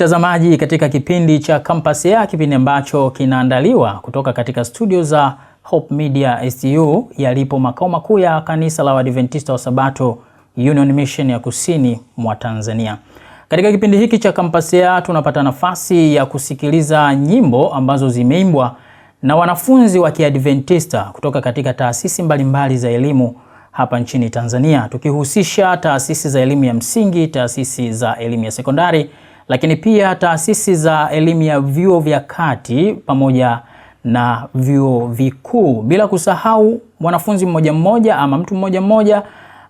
mtazamaji katika kipindi cha Campus Air, kipindi ambacho kinaandaliwa kutoka katika studio za Hope Media STU yalipo makao makuu ya kanisa la Waadventista wa Sabato Union Mission ya Kusini mwa Tanzania. Katika kipindi hiki cha Campus Air tunapata nafasi ya kusikiliza nyimbo ambazo zimeimbwa na wanafunzi wa Kiadventista kutoka katika taasisi mbalimbali za elimu hapa nchini Tanzania, tukihusisha taasisi za elimu ya msingi, taasisi za elimu ya sekondari lakini pia taasisi za elimu ya vyuo vya kati pamoja na vyuo vikuu, bila kusahau mwanafunzi mmoja mmoja ama mtu mmoja mmoja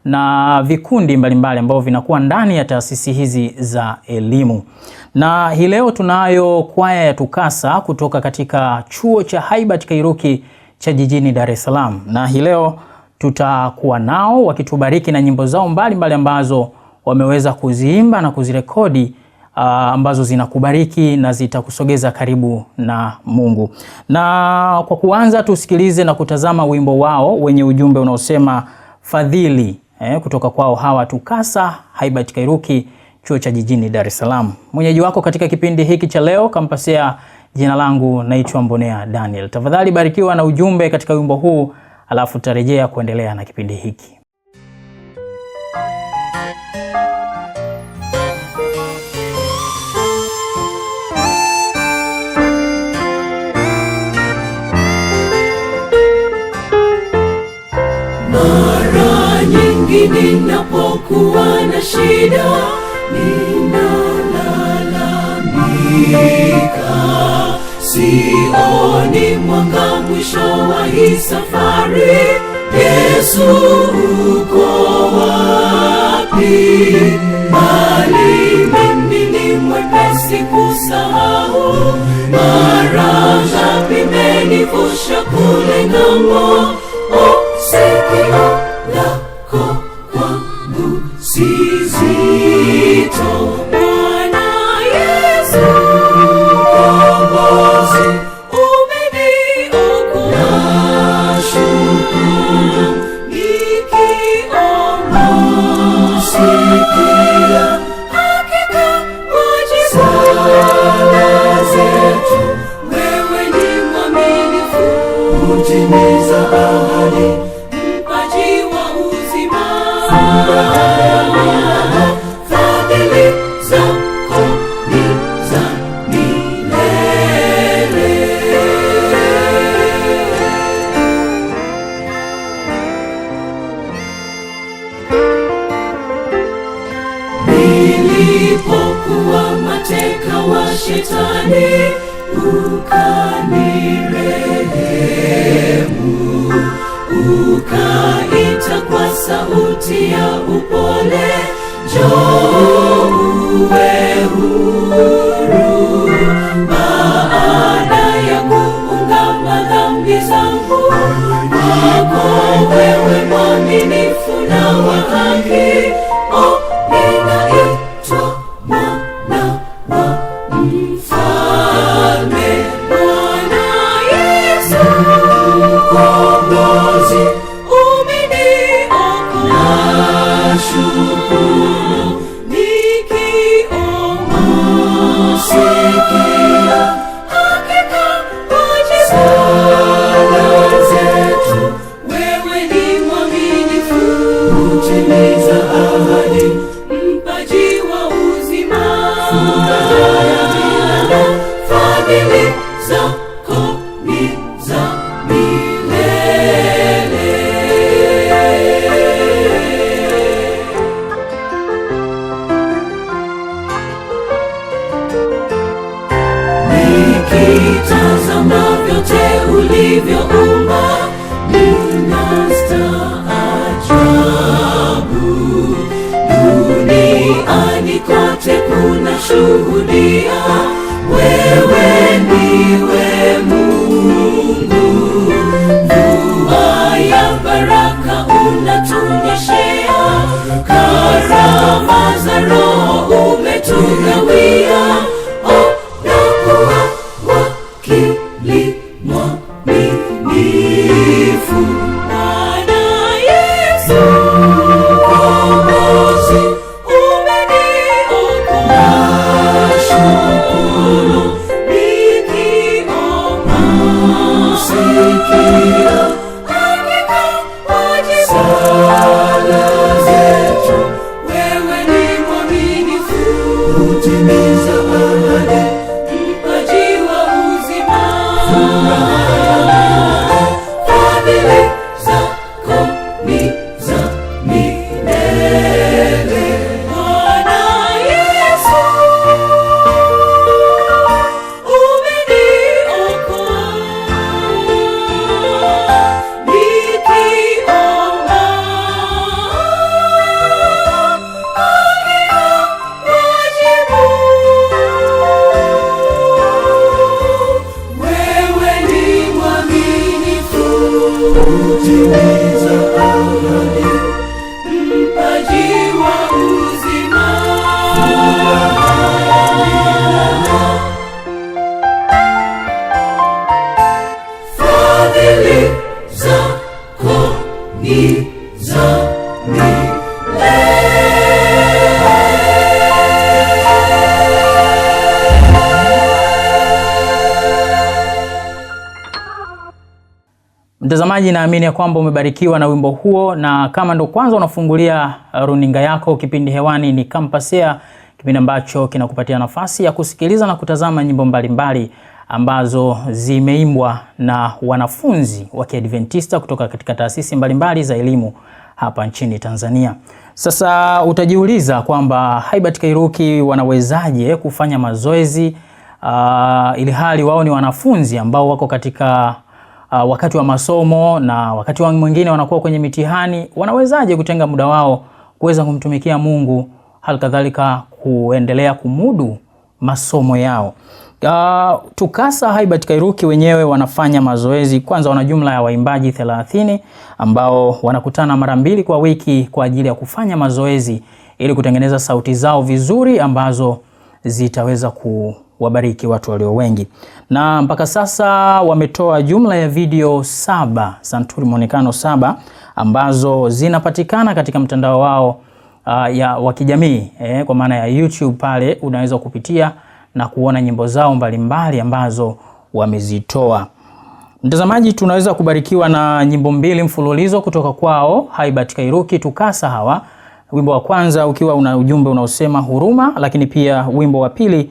na vikundi mbalimbali ambavyo vinakuwa ndani ya taasisi hizi za elimu. Na hii leo tunayo kwaya ya TUCASA kutoka katika chuo cha Haibat Kairuki cha jijini Dar es Salaam, na hii leo tutakuwa nao wakitubariki na nyimbo zao mbalimbali mbali ambazo wameweza kuziimba na kuzirekodi uh, ambazo zinakubariki na zitakusogeza karibu na Mungu. Na kwa kuanza, tusikilize na kutazama wimbo wao wenye ujumbe unaosema fadhili, eh, kutoka kwao hawa TUCASA Hubert Kairuki chuo cha jijini Dar es Salaam. Mwenyeji wako katika kipindi hiki cha leo Kampasia, jina langu naitwa Mbonea Daniel. Tafadhali barikiwa na ujumbe katika wimbo huu, alafu tutarejea kuendelea na kipindi hiki. ninapokuwa na shida ninalalamika, sioni mwanga mwisho wa hii safari. Yesu uko wapi? Bali mimi ni mwepesi kusahau. Mara ngapi imenivusha kule ng'ambo, oh, oh. kuwa mateka wa shetani, ukanirehemu. Ukaita kwa sauti ya upole, njoo uwe huru. Baada ya kuunga madhambi zangu, kwako wewe mwaminifu na wa haki oh, Msikilizaji, naamini ya kwamba umebarikiwa na wimbo huo, na kama ndo kwanza unafungulia uh, runinga yako, kipindi hewani ni Campus Air, kipindi ambacho kinakupatia nafasi ya kusikiliza na kutazama nyimbo mbalimbali mbali ambazo zimeimbwa na wanafunzi wa Kiadventista kutoka katika taasisi mbalimbali za elimu hapa nchini Tanzania. Sasa utajiuliza kwamba Hubert Kairuki wanawezaje kufanya mazoezi uh, ili hali wao ni wanafunzi ambao wako katika uh, wakati wa masomo na wakati mwingine wanakuwa kwenye mitihani, wanawezaje kutenga muda wao kuweza kumtumikia Mungu, halikadhalika kadhalika kuendelea kumudu masomo yao. Uh, ah, TUCASA Hubert Kairuki wenyewe wanafanya mazoezi kwanza. Wana jumla ya waimbaji 30 ambao wanakutana mara mbili kwa wiki kwa ajili ya kufanya mazoezi ili kutengeneza sauti zao vizuri ambazo zitaweza ku wabariki watu walio wengi. Na mpaka sasa wametoa jumla ya video saba, santuri muonekano saba ambazo zinapatikana katika mtandao wao uh, ya wa kijamii eh, kwa maana ya YouTube pale unaweza kupitia na kuona nyimbo zao mbalimbali mbali ambazo wamezitoa. Mtazamaji, tunaweza kubarikiwa na nyimbo mbili mfululizo kutoka kwao Haibat Kairuki tukasa hawa, wimbo wa kwanza ukiwa una ujumbe unaosema huruma, lakini pia wimbo wa pili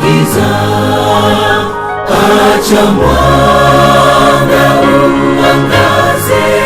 giza, acha mwanga uangaze.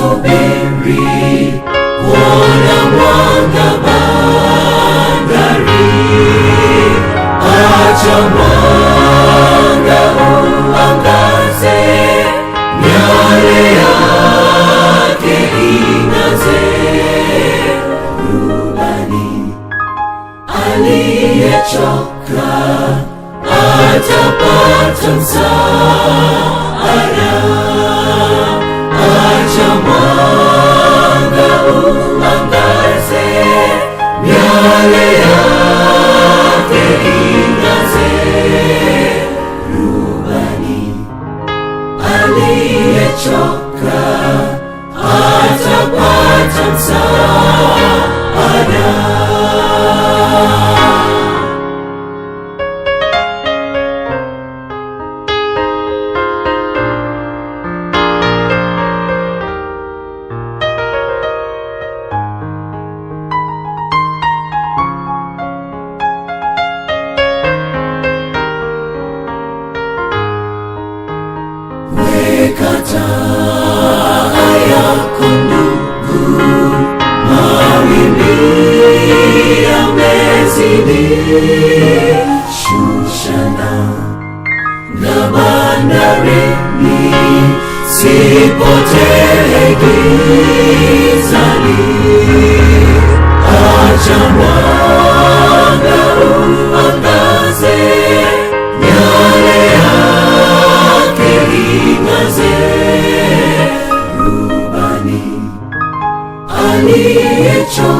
kusubiri kuona mwanga bandari. Acha mwanga uangaze, miale yake ing'aze. Rubani aliyechoka atapata msaada. aliyecho nilicho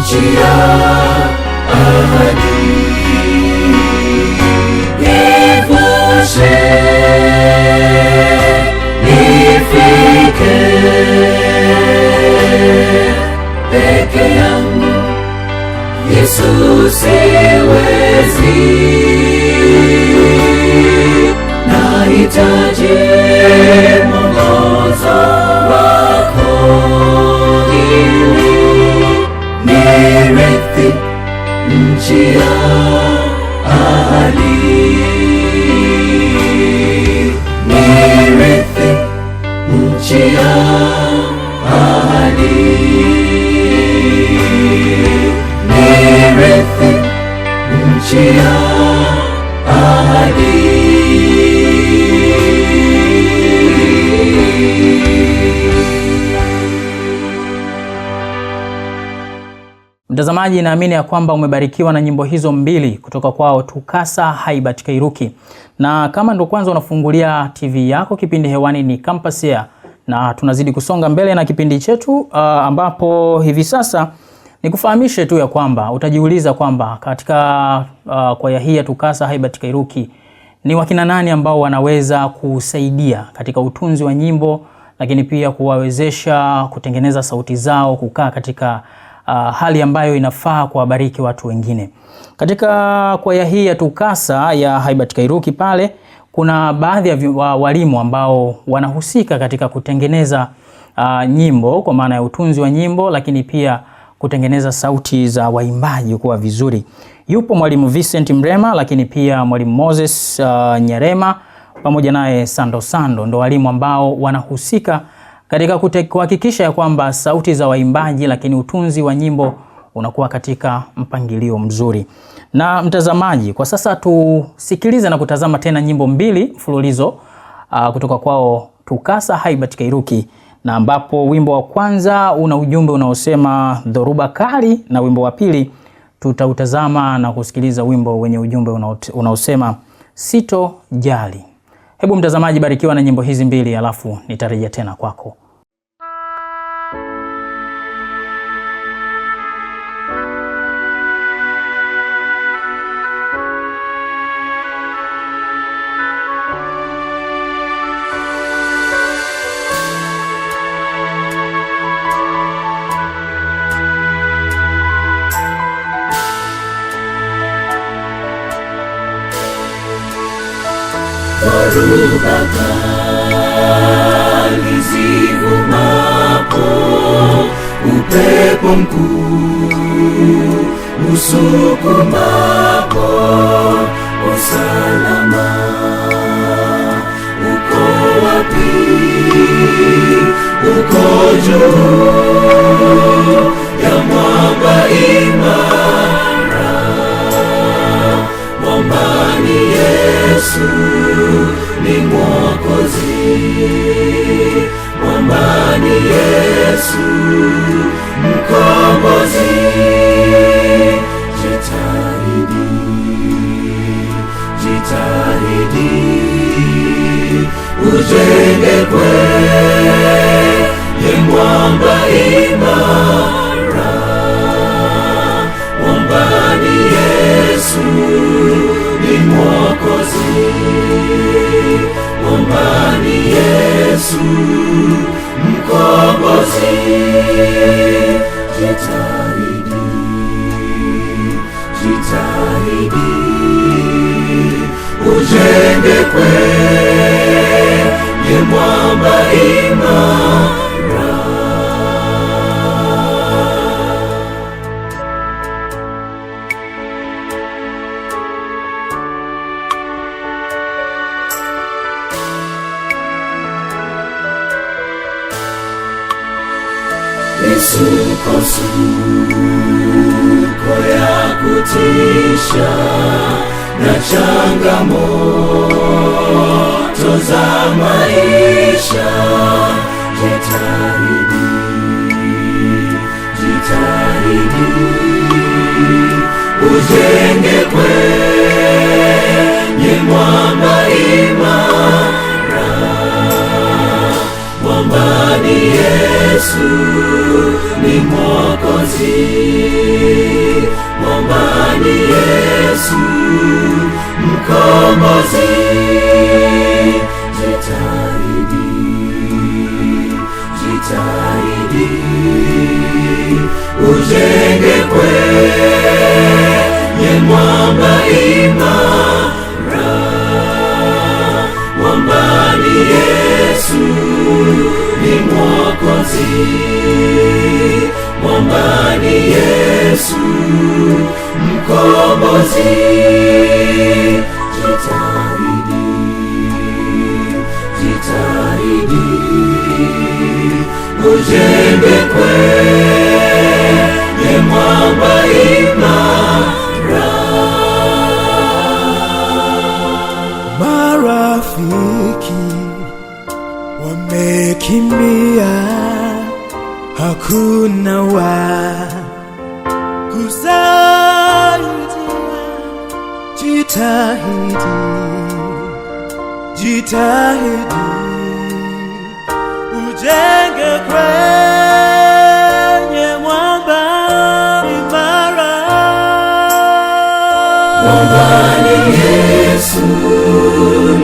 nchi ya ahadi. Nivushe, nifike peke yangu, Yesu siwezi, nahitaji mwongozo wako Mtazamaji, naamini ya kwamba umebarikiwa na nyimbo hizo mbili kutoka kwao Tukasa Haibat Kairuki, na kama ndo kwanza unafungulia TV yako, kipindi hewani ni Campus Air na tunazidi kusonga mbele na kipindi chetu uh, ambapo hivi sasa nikufahamishe tu ya kwamba utajiuliza kwamba katika uh, kwaya hii ya Tukasa Haibat Kairuki ni wakina nani ambao wanaweza kusaidia katika utunzi wa nyimbo, lakini pia kuwawezesha kutengeneza sauti zao kukaa katika uh, hali ambayo inafaa kuwabariki watu wengine. Katika kwaya hii ya TUCASA ya Haibat Kairuki pale kuna baadhi ya walimu ambao wanahusika katika kutengeneza uh, nyimbo kwa maana ya utunzi wa nyimbo, lakini pia kutengeneza sauti za waimbaji kuwa vizuri. Yupo mwalimu Vincent Mrema, lakini pia mwalimu Moses uh, Nyerema pamoja naye Sando Sando, ndo walimu ambao wanahusika katika kuhakikisha ya kwamba sauti za waimbaji, lakini utunzi wa nyimbo unakuwa katika mpangilio mzuri. Na mtazamaji, kwa sasa tusikilize na kutazama tena nyimbo mbili mfululizo uh, kutoka kwao Tukasa Hubert Kairuki na ambapo wimbo wa kwanza una ujumbe unaosema dhoruba kali, na wimbo wa pili tutautazama na kusikiliza wimbo wenye ujumbe unaosema sito jali. Hebu mtazamaji, barikiwa na nyimbo hizi mbili, alafu nitarejea tena kwako. dhoruba kali zivumapo, upepo mkuu usukumapo usalama, uko wapi? Uko juu ya mwamba imara Imani Yesu ni Mwokozi, mwambani Yesu mkombozi. Jitahidi, jitahidi uje Yesu mkombozi, jitahidi, jitahidi ujenge kwenye mwamba imara kutisha na changamoto za maisha. Jitahidi, jitahidi ujenge kwenye mwamba imara, mwamba ni Yesu, ni Mwokozi ni Yesu mkombozi. Jitahidi, jitahidi ujenge kwenye mwamba imara. Mwamba ni Yesu, ni Mwokozi amani Yesu mkombozi, jitahidi jitahidi, ujenge kwenye mwamba imara. Marafiki wamekimbia kuna wa kusaidia. Jitahidi, jitahidi ujenge kwenye mwamba imara. Yesu,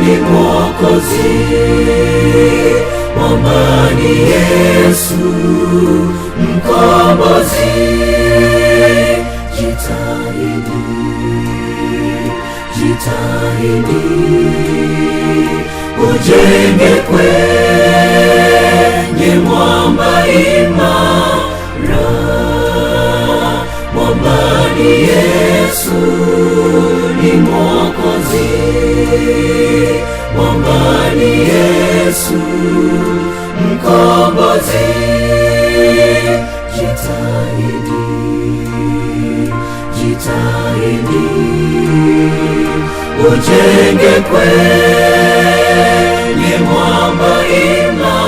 ni Mwokozi Amani Yesu mkombozi, jitahidi, jitahidi ujenge kwenye mwamba imara, mwamba ni Yesu ni Mwokozi mwambani Yesu mkombozi, jitahidi, jitahidi ujenge kweli mwamba imara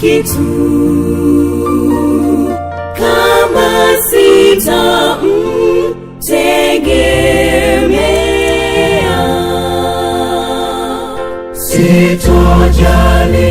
kitu kama sitamtegemea, sitojali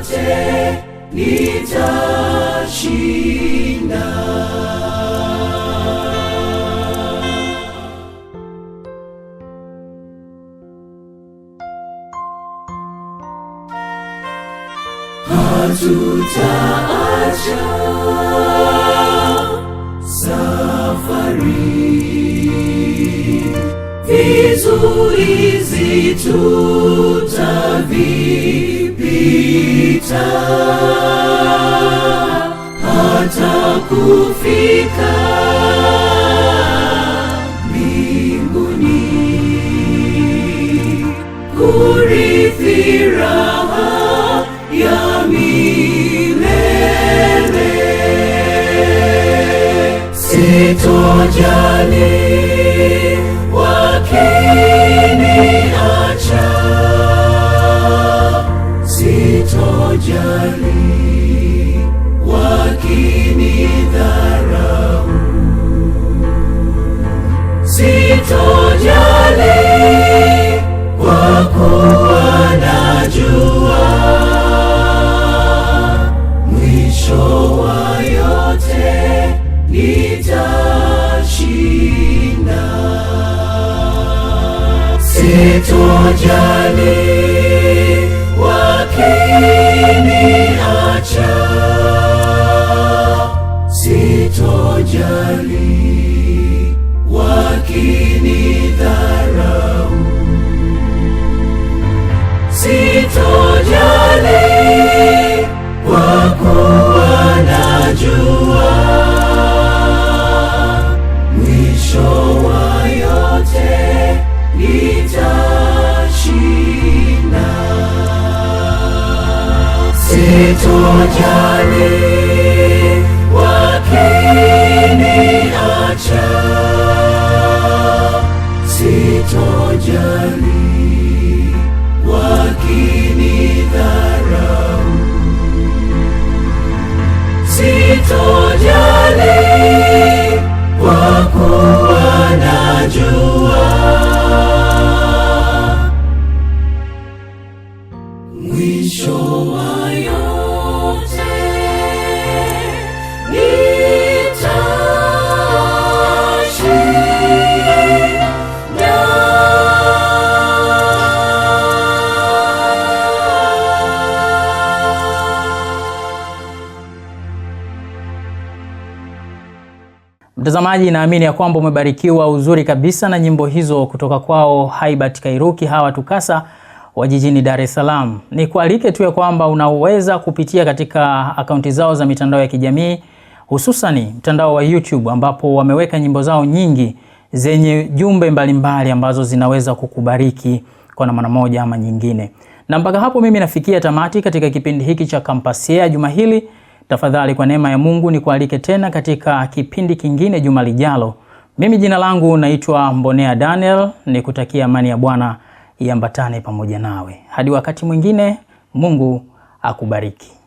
yote nitashinda. Hatutaacha safari, vizuizi tutavi kupita hata kufika mbinguni kurithi raha ya milele sitojali hatujali kwa kuwa najua mwisho wa yote nitashinda, sitojali Mtazamaji, naamini ya kwamba umebarikiwa uzuri kabisa na nyimbo hizo kutoka kwao Haibat Kairuki hawa TUCASA wa jijini Dar es Salaam. Ni kualike tu ya kwamba unaweza kupitia katika akaunti zao za mitandao ya kijamii hususan mtandao wa YouTube ambapo wameweka nyimbo zao nyingi zenye jumbe mbalimbali ambazo zinaweza kukubariki kwa namna moja ama nyingine. Na mpaka hapo mimi nafikia tamati katika kipindi hiki cha Kampasia juma hili. Tafadhali kwa neema ya Mungu ni kualike tena katika kipindi kingine juma lijalo. Mimi jina langu naitwa Mbonea Daniel, nikutakia amani ya Bwana iambatane pamoja nawe. Hadi wakati mwingine, Mungu akubariki.